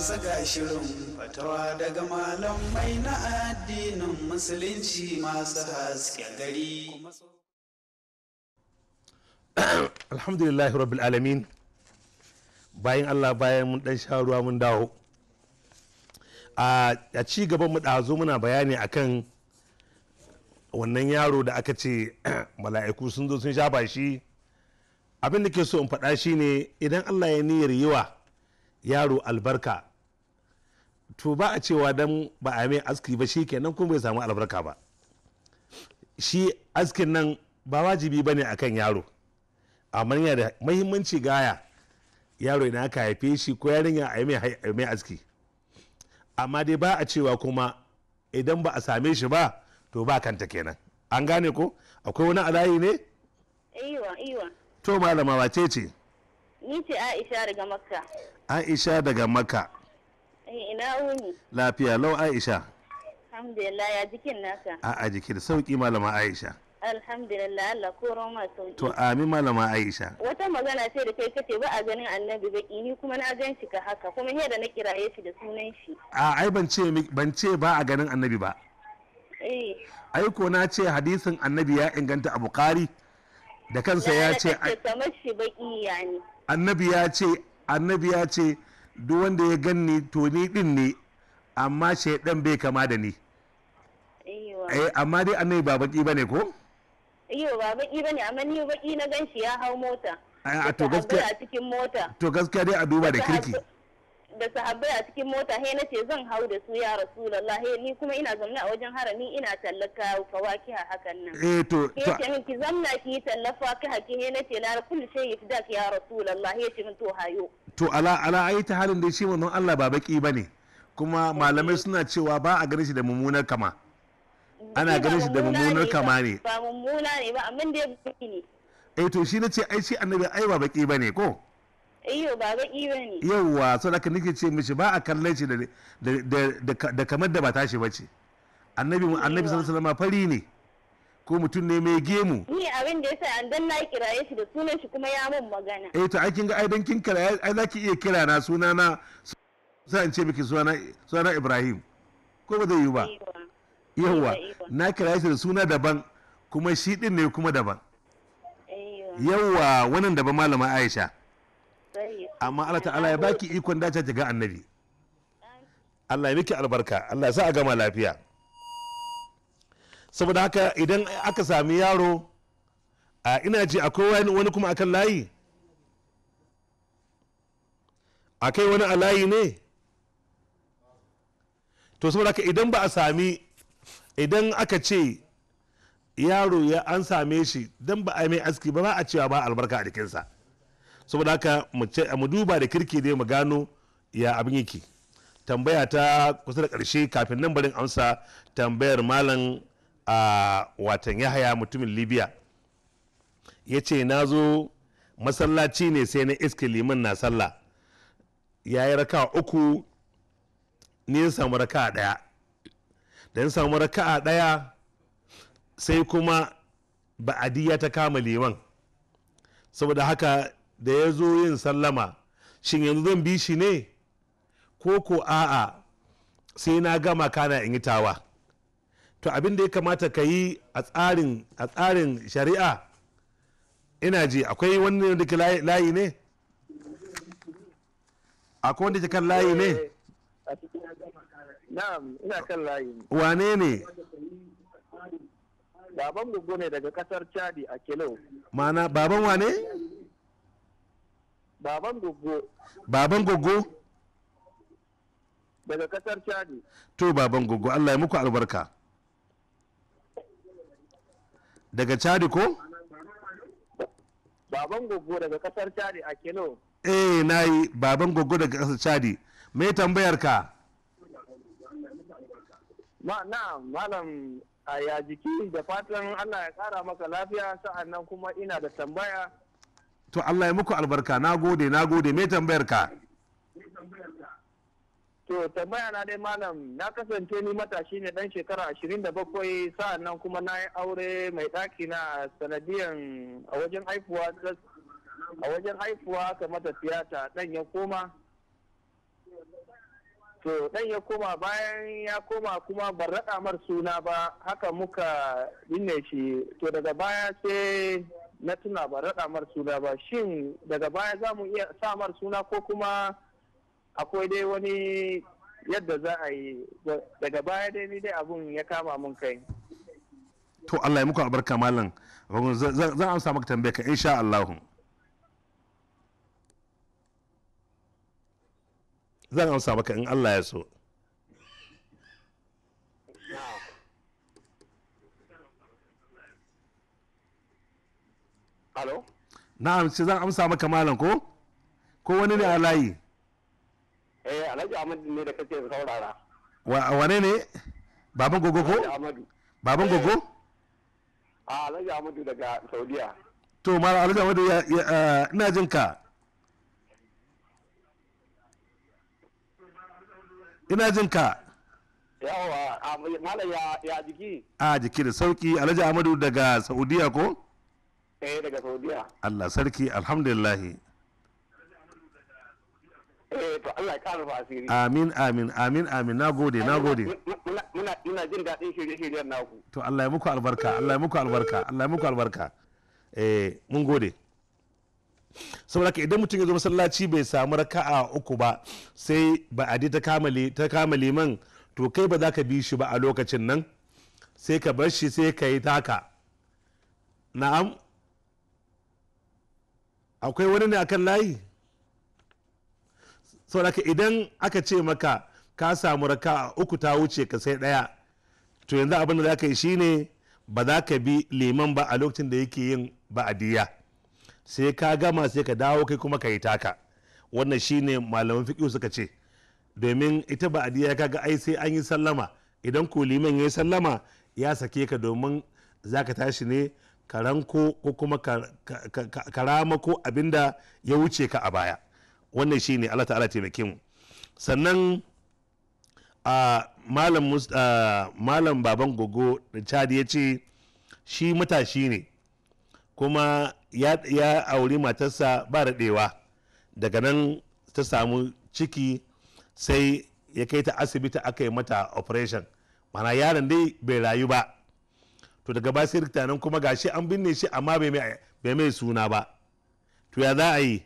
Hausa ga shirin fatawa daga malamai na addinin musulunci masu haske gari. Alhamdulillahi rabbil alamin bayan Allah bayan mun dan sha ruwa mun dawo. A ci gaban mu ɗazu muna bayani akan wannan yaro da aka ce mala'iku sun zo sun sha shi. abin da ke so in faɗa shi ne, idan Allah ya niyyar yiwa yaro albarka to ba a cewa dan ba a mai aski ba shi kenan kuma bai samu albarka ba shi askin nan ba wajibi ba ne akan yaro amma yana da mahimmanci gaya yaro idan aka haife shi ko yarinya a mai aski amma dai ba a cewa kuma idan ba a same shi ba to ba kanta kenan an gane ko akwai wani alayi ne iwa iwa to malama wace ce ni ce aisha daga makka aisha daga makka Eh, ina wuni. Lafiya lau Aisha. Alhamdulillah ya jikin naka. A'a jiki da sauki malama Aisha. Alhamdulillah Allah ko Roma sauki. To amin malama Aisha. Wata magana sai da kai kace ba a ganin Annabi ba ni kuma na gan shi ka haka kuma yadda na kiraye shi da sunan shi. A ai ban ce ban ce ba a ganin Annabi ba. Eh. Ai ko na ce hadisin Annabi ya inganta abu kari da kansa ya ce Annabi ya ce Annabi ya ce duk wanda ya ganni to ni din ne amma shaidan bai kama da ni eh amma dai annai ba baki bane ko iyo ba baki bane amma ni baki na ganshi ya hau mota a ah, ah, to gaskiya a cikin mota to gaskiya dai a duba da kirki da sahabbai a cikin mota he na ce zan hau da su ya rasulullah he ni kuma ina zaune a wajen harami ina tallaka a hakan nan eh to he ce ki zamna ki tallafa ka haki he na ce la kullu shay yafdak ya rasulullah he ce min to hayo to ala ala ai ta halin da shi manzon Allah ba baki bane kuma eh, malamai eh. suna cewa ba a ganin shi da mummunar kama ana ganin shi da mummunar kama ne ba mummuna ne ba amma dai baki ne eh to shi nace ai shi annabi ai ba baki bane ko iyo eh, ba baki ba ne yawwa ka nake ce mishi ba a kallon shi da kamar da ba tashi ba ce annabi annabi sallallahu alaihi fari ne ko mutum ne mai gemu ni abin da yasa an dan na kiraye shi da sunan shi kuma ya mun magana eh to ai kin ga ai dan kin kira ai zaki iya kira na na sai in ce miki sunana suna Ibrahim ko ba zai yi ba yawwa na kira shi da suna daban kuma shi din ne kuma daban eh, yawwa wannan daban malama Aisha amma Allah ta'ala ya baki ikon dace ta ga annabi Allah ya miki albarka Allah ya sa a gama lafiya saboda haka idan aka sami yaro a ina ji akwai wani kuma akan layi akai wani a layi ne to saboda haka idan ba a sami idan aka ce yaro ya an same shi don ba a yi mai aski ba ba a cewa ba albarka a jikinsa saboda haka mu duba da kirki dai mu gano ya abin yake tambaya ta kusa da ƙarshe kafin nan barin amsa tambayar malam a watan yahaya mutumin libya ya ce na zo masallaci ne sai na iska liman na sallah ya yi raka uku ne samu raka ɗaya da ya samu raka ɗaya sai kuma ba'adiyya ta kama liman saboda haka da ya zo yin sallama shin yanzu zan bi shi ne ko ko a'a sai na gama kana in yi tawa to abin da ya kamata ka yi a tsarin shari'a ina ji akwai wani da ke layi ne akwai wanda ke kan layi ne na'am ina kan layi wane ne baban gugu ne daga kasar chadi a kilo mana baban wane Baban Goggo. Baban Goggo? Daga kasar Chadi. To Baban Goggo, Allah ya muku albarka. Daga Chadi ko? Baban Goggo daga kasar Chadi a kilo. Eh, na yi Baban Goggo daga kasar Chadi. Me tambayar ka? na, malam a ya jiki da fatan Allah ya kara maka lafiya sa'annan kuma ina da tambaya. to Allah ya muku albarka na gode na gode me tambayar ka to tambaya na dai malam na kasance ni matashi ne dan shekara 27 sa'an nan kuma na yi aure mai ɗaki na sanadiyan a wajen haifuwa a wajen haifuwa ka mata tiyata dan ya koma to dan ya koma bayan ya koma kuma ban raɗa mar suna ba haka muka binne shi to daga baya sai na tuna ba raɗa mar suna ba shin daga baya za mu iya sa mar suna ko kuma akwai dai wani yadda za a yi daga baya dai ni dai abun ya kama mun kai to Allah ya muku albarka malam zan amsa maka tambaya ka insha Allah zan amsa maka in Allah ya so Alo. Na'am, sai zan amsa maka malam ko? Ko wani ne a layi? Eh, Alhaji Ahmadu ne da kake saurara. Wa wane ne? Baban gogo ko? Baban eh. gogo? A Alhaji Ahmadu daga Saudiya. To, malam Alhaji Ahmadu ina jin ka. Ina jin ka. Yawa, malam ya jiki. A jiki da sauki Alhaji Ahmadu daga Saudiya ko? daga saudiya allah sarki alhamdulillahi eh, to Allah ya ƙara asiri. Amin amin amin amin na gode na gode. Muna jin daɗin shirye-shiryen naku. To Allah ya muku albarka Allah ya muku albarka Allah ya muku albarka. Eh mun gode. saboda ka idan mutum ya zo masallaci bai samu raka'a uku ba sai ba adi ta kamale ta kamale man to kai ba za ka bi shi ba a lokacin nan sai ka bar shi sai ka yi taka na'am akwai wani ne akan layi saboda idan aka ce maka ka samu raka uku ta wuce ka sai daya to yanzu abin da za ka yi shine ba za ka bi liman ba a lokacin da yake yin ba'adiyya sai ka gama sai ka dawo kai kuma ka yi taka wannan shine malaman fiƙi suka ce domin ita ka ga ai sai an yi sallama idan ko liman ya yi sallama ya sake ka domin za ka tashi ne Karanko ko kuma karama ko abinda ya wuce ka a baya wannan shi ne allah ta'ala taimake mu sannan a malam baban gogo da chadi ya ce shi matashi ne kuma ya auri matarsa ba daɗewa daga nan ta samu ciki sai ya kai ta asibiti aka yi mata operation mana yaron dai bai rayu ba to daga ba sai rikta nan kuma gashi an binne shi amma bai mai suna ba to ya za a yi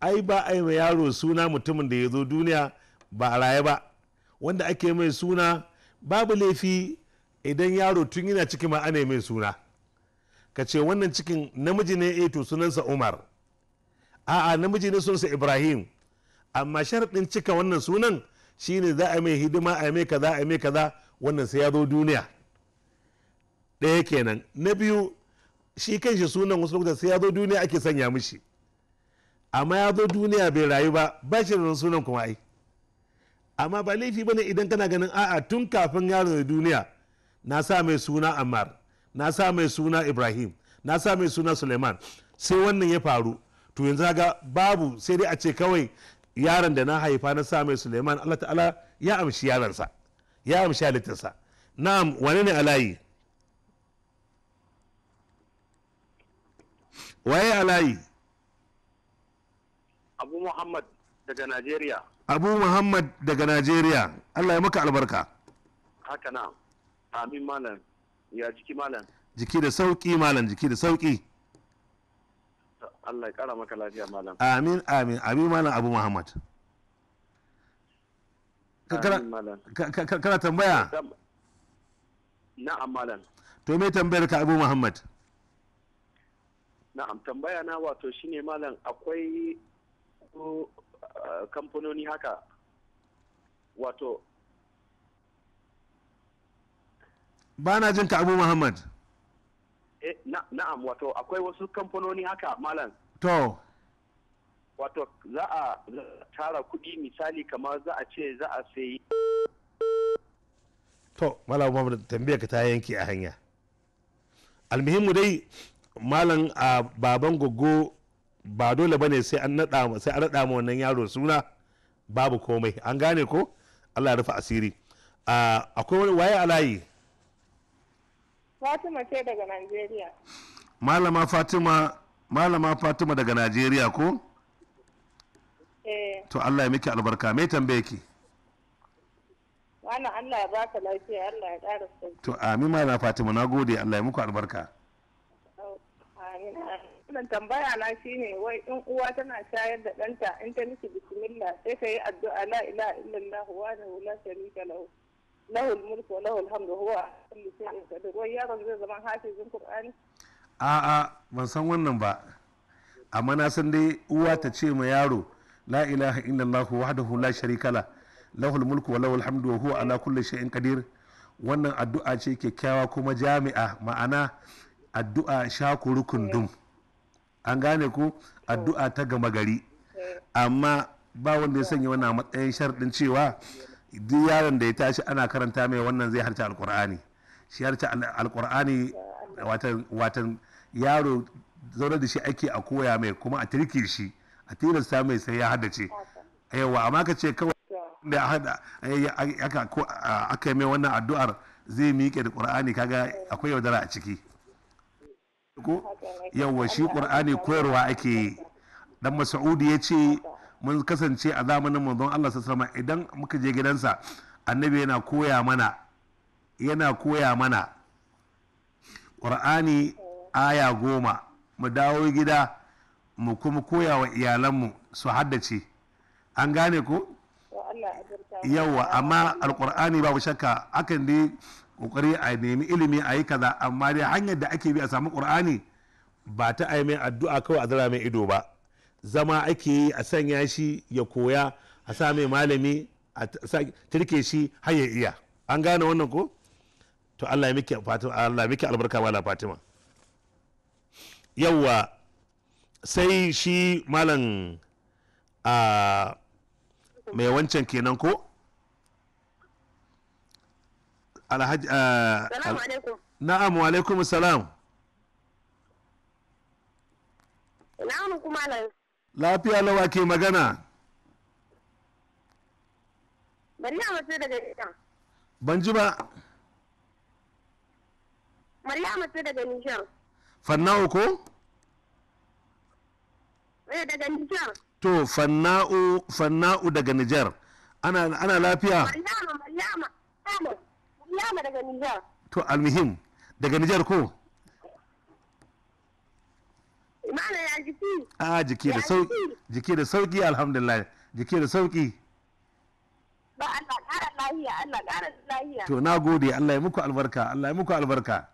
ai ba a yi ma yaro suna mutumin da ya zo duniya ba a raye ba wanda ake mai suna babu laifi idan yaro tun yana ciki ma ana mai suna ka ce wannan cikin namiji ne eh to sunansa umar a'a namiji ne sunansa ibrahim amma sharaɗin cika wannan sunan shine za a mai hidima a mai kaza a mai kaza wannan sai ya zo duniya ɗaya kenan na biyu shi kanshi sunan wasu lokuta sai ya zo duniya ake sanya mishi amma ya zo duniya bai rayu ba ba shi da sunan kuma ai amma ba laifi ne idan kana ganin a'a tun kafin ya da duniya na sa mai suna ammar na sa mai suna ibrahim na sa mai suna suleiman sai wannan ya faru to yanzu ga babu sai dai a ce kawai yaron da na haifa na sa mai suleiman allah ta'ala ya amshi yaransa ya amshi halittarsa na'am wane ne alayi waye alayi layi abu muhammad daga najeriya abu muhammad daga najeriya allah ya maka albarka haka na amin malam ya jiki malam jiki da sauki malam jiki da sauki allah ya kara maka lafiya malam amin amin amin malam abu muhammad kana tambaya na'am malam to me tambayar ka abu muhammad na'am tambaya na wato shine malam akwai uh, kamfanoni haka wato ba na jin ka abu muhammad eh, na'am wato akwai wasu kamfanoni haka malam to wato za a tara kudi misali kamar za a ce za a sayi to malam muhammad tambayar ka ta yanke a hanya almuhimmu dai malam a baban gogo ba dole bane sai an naɗa sai an naɗa ma wannan yaro suna babu komai an gane ko Allah ya rufe asiri akwai wani waye alayi Fatima ce daga Najeriya Malama Fatima Malama Fatima daga Najeriya ko Eh to Allah ya miki albarka me tambaye ki Wannan Allah ya baka lafiya Allah ya ƙara To amin Malama Fatima nagode Allah ya muku albarka wannan tambaya na shine wai in uwa tana shayar da ɗanta in ta miki bismillah sai ta yi addu'a la ilaha illallah wa la la sharika lahu lahul mulku wa lahul hamdu huwa kulli shay'in qadir wai yaron zai zama hafizin qur'ani a'a ban san wannan ba amma na san dai uwa ta ce ma yaro la ilaha illallah wahdahu la sharika la lahul mulku wa lahul hamdu wa huwa ala kulli shay'in qadir wannan addu'a ce kyakkyawa kuma jami'a ma'ana addu'a shaku rukun dum an gane ku addu'a ta gama gari amma ba wanda ya sanya wannan matsayin sharɗin cewa duk yaron da ya tashi ana karanta mai wannan zai harce alkur'ani shi harce alkur'ani watan yaro zaune da shi ake a koya mai kuma a tirki shi a tilasta mai sai ya haddace yawa amma ka ce kawai da aka yi mai wannan addu'ar zai miƙe da ƙur'ani kaga akwai yaudara a ciki yawa yawwa shi ƙur'ani koyarwa ake yi dan masaudi ya ce mun kasance a zamanin manzon Allah sallallahu alaihi idan muka je gidansa annabi yana koya mana yana koya mana ƙur'ani aya goma mu dawo gida mu kuma koya wa iyalanmu su haddace an gane ko yawa amma alqur'ani babu shakka akan dai kokari a nemi ilimi a yi kaza amma dai hanyar da ake bi a samu qur'ani ba ta a mai addu'a kawai a zara mai ido ba zama ake yi a sanya shi ya koya a sa mai malami a turke shi har ya iya an gane wannan ko to Allah ya miki Fatima Allah miki albarka mala Fatima yawa sai shi malam a ah, mai wancan kenan ko alhaji eh, na'am wa alaikum salam na'am kuma nan lafiya lawa ke magana Maryam ce daga Nijar. Ban ji ba. Maryam ce daga Nijar. Fanna'u ko? Eh daga Nijar. To Fanna'u Fanna'u daga Nijar. Ana ana lafiya. Maryam Maryam. Siyama daga Nijar. To almuhim daga Nijar ko? Ma'ana ya jiki. A jiki da sauki. Jiki da sauki alhamdulillah. Jiki da sauki. Ba Allah ƙara lahiya, Allah ƙara lahiya. To na gode Allah ya muku albarka, Allah ya muku albarka.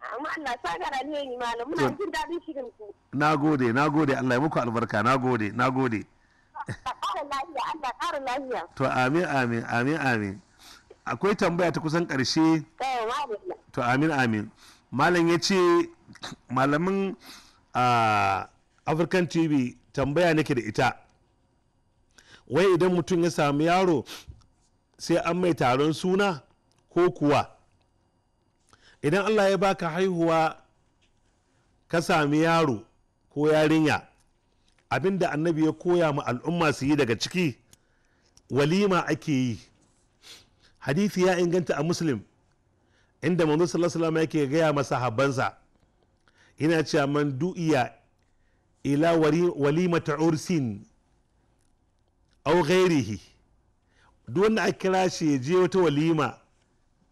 Amma Allah sa gara ne ni malam, muna jin daɗin shirin ku. Na gode, na gode Allah ya muku albarka, na gode, na gode. To amin amin amin amin. akwai tambaya ta kusan ƙarshe eh, to amin amin malam ya ce malamin african tv tambaya nake da ita wai idan mutum ya sami yaro sai an mai taron suna ko kuwa idan allah ya baka haihuwa ka sami yaro ko yarinya abinda annabi ya koya ma al'umma su yi daga ciki walima ake yi hadithi ya inganta a muslim inda manzo sallallahu alaihi yake gaya masa habansa yana cewa man du'iya ila walimata ursin au ghairihi duk wanda aka kira shi ya je wata walima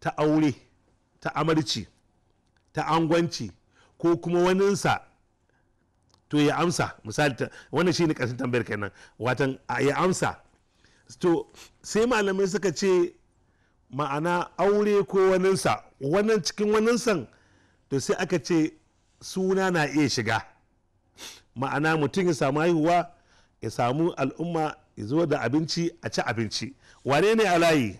ta aure ta amarci ta angwanci ko kuma waninsa to ya amsa misali wannan shi ne ƙarshen tambayar kenan watan ya amsa to sai malamai suka ce ma'ana aure ko waninsa wannan cikin waninsan to sai aka ce suna na iya shiga ma'ana mutum ya samu haihuwa ya samu al'umma ya zo da abinci a ci abinci wane ne a layi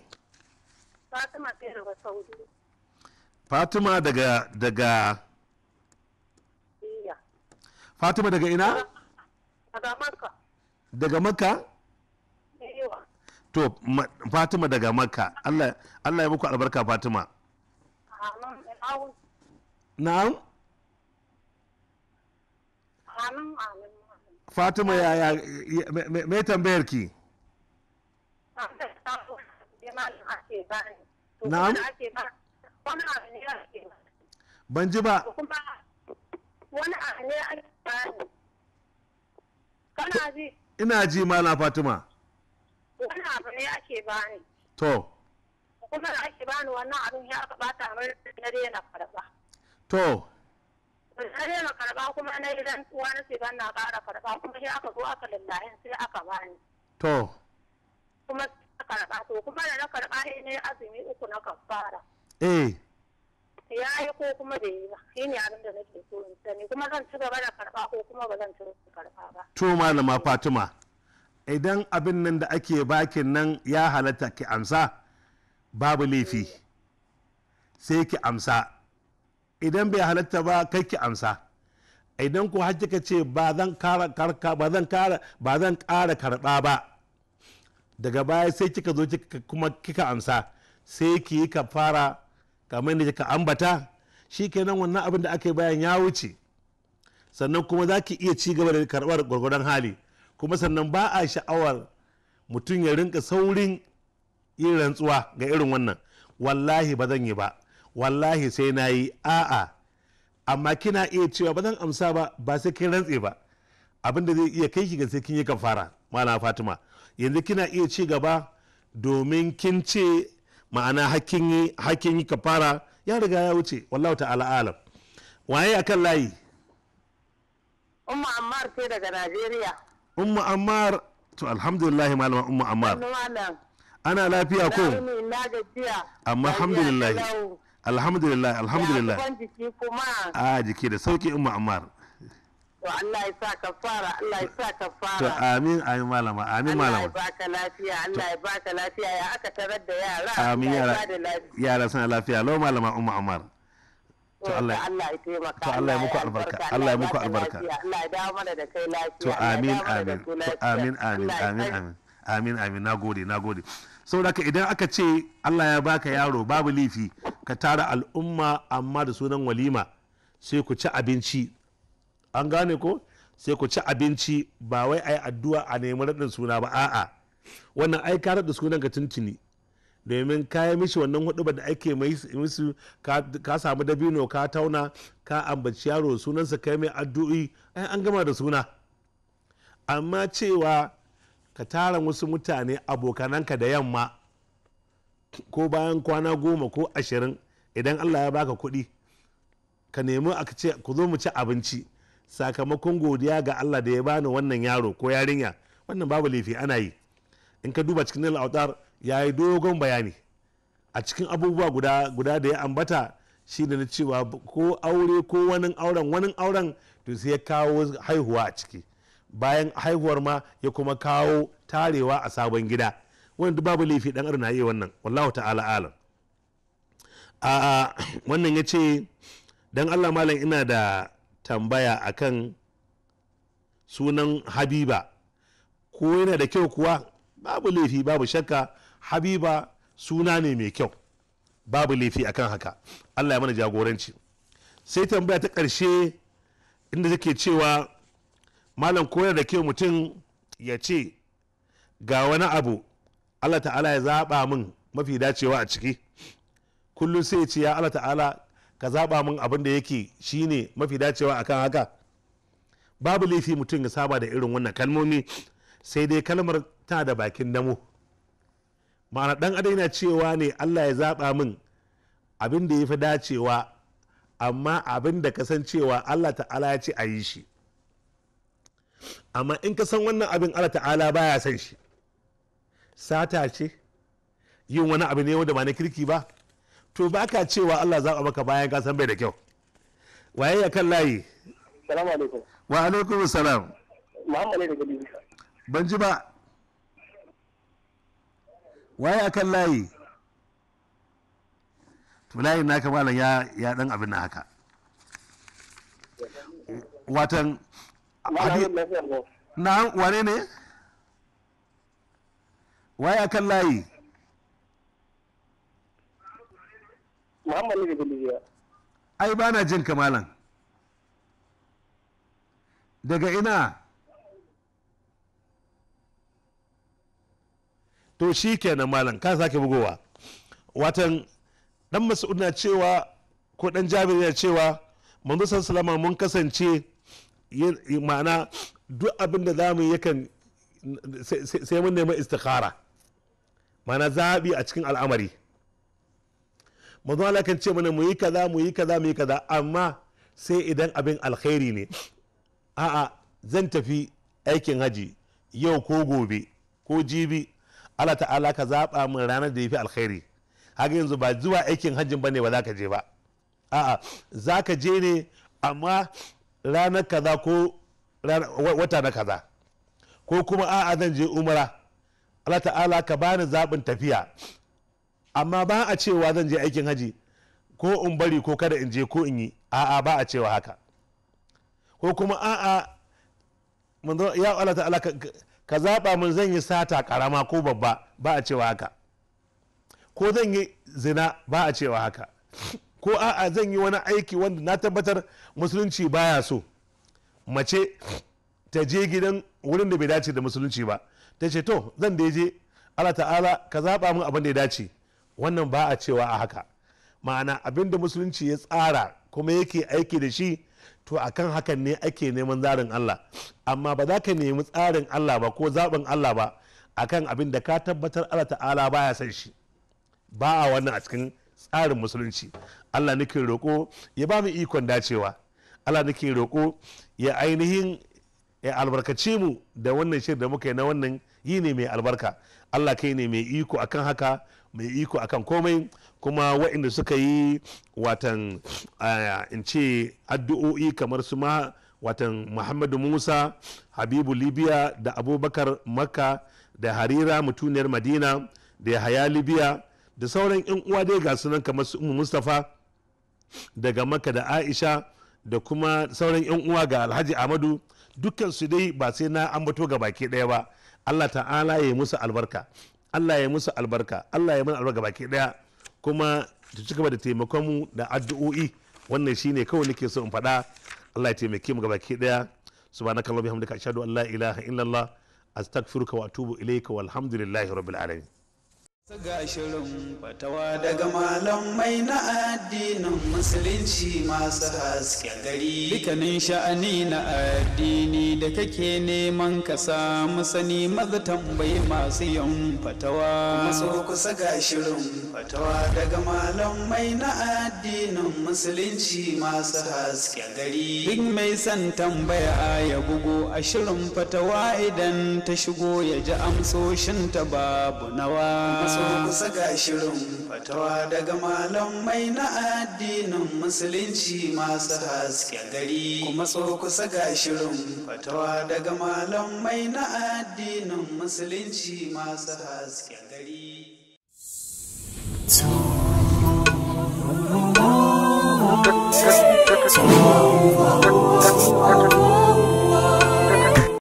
fatima daga daga fatima daga ina daga maka. to fatima daga makka allah ya muku albarka fatima na'am fatima ya ya mai tambayar ki na'am ban ji ba ji ina ji mala fatima wani abu ne ake bani to kuma da ake bani wannan abin ya aka bata mai na daina karba to na daina karba kuma na idan uwa na ce ban na kara karba kuma ya aka zo aka lallahin sai aka bani to kuma na karba to kuma da na karba sai ne azumi uku na kafara eh ya yi ko kuma da yi ba shi ne abin da nake so in sani kuma zan ci gaba da karba ko kuma ba zan ci karba ba to malama fatima idan abin nan da ake bakin nan ya halatta ki amsa babu laifi sai ki amsa idan bai halatta ba kai ki amsa idan ku har kika ce ba zan kara karɓa ba daga baya sai kika zo kika kuma kika amsa sai ki yi fara kamar da kika ambata shikenan wannan abin da aka yi bayan ya wuce sannan kuma za ki iya ci gaba da karɓar gwargwadon hali kuma sannan ba a sha'awar mutum ya rinka saurin yin rantsuwa ga irin wannan wallahi ba zan yi ba wallahi sai na yi a'a amma kina iya cewa ba zan amsa ba ba sai kin rantse ba abinda zai iya kai ki ga sai kin yi kafara mana fatima yanzu kina iya ci gaba domin kin ce ma'ana hakkin yi hakkin yi kafara ya riga ya wuce wallahu ta'ala alam waye akan layi umma ammar ce daga najeriya ummu ammar to alhamdulillah malama ummu ammar ana lafiya ko amma alhamdulillah alhamdulillah alhamdulillah a jiki da sauki ummu ammar to Allah ya sa kafara Allah ya sa kafara to amin amin malama amin malama Allah ya baka lafiya Allah ya baka lafiya ya aka tarar da yara amin yara yara suna lafiya lo malama ummu ammar to Allah ya taimaka Allah ya muku albarka Allah ya muku albarka Allah ya dawo mana da kai lafiya to amin amin to amin amin amin amin amin amin nagode nagode saboda haka idan aka ce Allah ya baka yaro babu lifi ka tara al'umma amma da sunan walima sai ku ci abinci an gane ko sai ku ci abinci ba wai ai addu'a a nemi raɗin suna ba a'a wannan ai ka raɗa sunan ka tuntuni domin ka yi mishi wannan hudu da ake misu ka samu dabino ka tauna ka ambaci yaro sunansa kai mai addu'i ai an gama da suna amma cewa ka tara wasu mutane abokananka da yamma ko bayan kwana goma ko ashirin idan allah ya baka kuɗi ka nemi a ce ku zo mu ci abinci sakamakon godiya ga allah da ya bani wannan yaro ko yarinya wannan babu laifi ana yi in ka duba cikin al'adar ya yi dogon bayani a cikin abubuwa guda da ya ambata shi da na cewa ko aure ko wani auren wani auren to sai ya kawo haihuwa a ciki bayan haihuwar ma ya kuma kawo tarewa a sabon gida wanda babu laifi dan arna yi wannan wallahu ta'ala alam a wannan ya ce dan allah malam ina da tambaya akan sunan habiba ko yana da kyau kuwa babu laifi babu shakka habiba suna ne mai kyau babu laifi akan haka allah ya mana jagoranci sai tambaya ta ƙarshe inda take cewa malam koyar da kyau mutum ya ce ga wani abu allah ta'ala ya zaba min mafi dacewa a ciki kullum sai ya ce ya allah ta'ala ka zaɓa min abin da yake ne mafi dacewa a kan haka babu laifi mutum ya saba da irin wannan kalmomi sai dai kalmar tana da bakin damo ma'ana dan adam yana cewa ne allah ya zaba min abin da ya fi dacewa amma abin da cewa allah ta'ala ya ce a yi shi amma in ka san wannan abin allah ta'ala baya san shi sata ce yin wani abu ne wanda ba na kirki ba to ba ka cewa allah zaba maka bayan ka san bai da kyau waye ya kan layi salamu alaikum wa alaikum salam muhammad ne ban ji ba waye kan layi to na naka malam ya ya dan abin na haka watan na wane ne waye kan layi Ai ba na jin kamalan. Daga ina? to shi ke kenan malam ka sake bugowa watan dan mas'ud na cewa ko dan jabir ya cewa manzo salama mun kasance ma'ana duk abin da zamu yakan sai mun nemi istikhara ma'ana zabi a cikin al'amari manzo Allah kan ce mana mu yi kaza mu yi kaza mu yi kaza amma sai idan abin alkhairi ne a'a zan tafi aikin haji yau ko gobe ko jibi Allah ta'ala ka zaɓa min ranar da ya fi alkhairi haka yanzu ba zuwa aikin hajjin ba ne ba za ka je ba a'a za ka je ne amma ranar kaza ko wata na kaza ko kuma a'a zan je umara Allah ta'ala ka bani zaɓin tafiya amma ba a cewa zan je aikin haji ko in bari ko kada in je ko in yi a'a ba a cewa haka ko kuma a'a ya Allah ta'ala ka zaɓa min zan yi sata ƙarama ko babba ba a cewa haka ko zan yi zina ba a cewa haka ko a'a zan yi wani aiki wanda na tabbatar musulunci baya so mace ta je gidan wurin da bai dace da musulunci ba ta ce to zan da je Allah ta'ala ka zaɓa min abin da ya dace wannan ba a cewa a haka ma'ana abin da musulunci ya tsara kuma yake aiki da shi to akan hakan ne ake neman tsarin Allah amma ba za ka nemi tsarin Allah ba ko zaɓin Allah ba a kan abin da ka tabbatar Allah ta'ala ba ya san shi ba a wannan a cikin tsarin musulunci Allah nake roƙo ya ba mu ikon dacewa Allah nake roƙo ya ainihin ya albarkace mu da wannan shirin da muka yi na wannan yi ne mai albarka Allah kai ne mai iko akan haka mai iko akan komai kuma waɗanda suka yi watan eh, in ce addu'o'i kamar su ma watan muhammadu musa habibu libya da abubakar makka da harira mutuniyar madina da yahaya libya da sauran yan uwa dai ga sunan kamar su mustapha daga makka da aisha da kuma sauran yan uwa ga alhaji amadu dukkan su dai ba sai na ambato ga baki daya ba allah ta'ala ya yi musu albarka allah ya yi musu albarka allah ya yi musu albarka baki daya. kuma ta ci gaba da taimakonmu da addu'o'i wannan shi shine kawai nake so in faɗa Allah ya taimake mu gabaki daya subhanaka allahumma bihamdika ashhadu an la ilaha illallah astaghfiruka wa atubu ilayka walhamdulillahi rabbil alamin Ga shirin fatawa daga malamai na addinin musulunci masu haske gari. Dukkanin sha'ani na addini da kake neman ka samu sani maza tambayi masu yin fatawa. Maso kusa ga shirin fatawa daga malamai na addinin musulunci masu haske gari. Duk mai son tambaya ya bugu a shirin fatawa idan ta shigo ya ji amsoshinta babu nawa. sun ga shirin fatawa daga malamai na addinin musulunci masu haske gari kuma kusa ga shirin fatawa daga malamai na addinin musulunci masu haske gari Oh,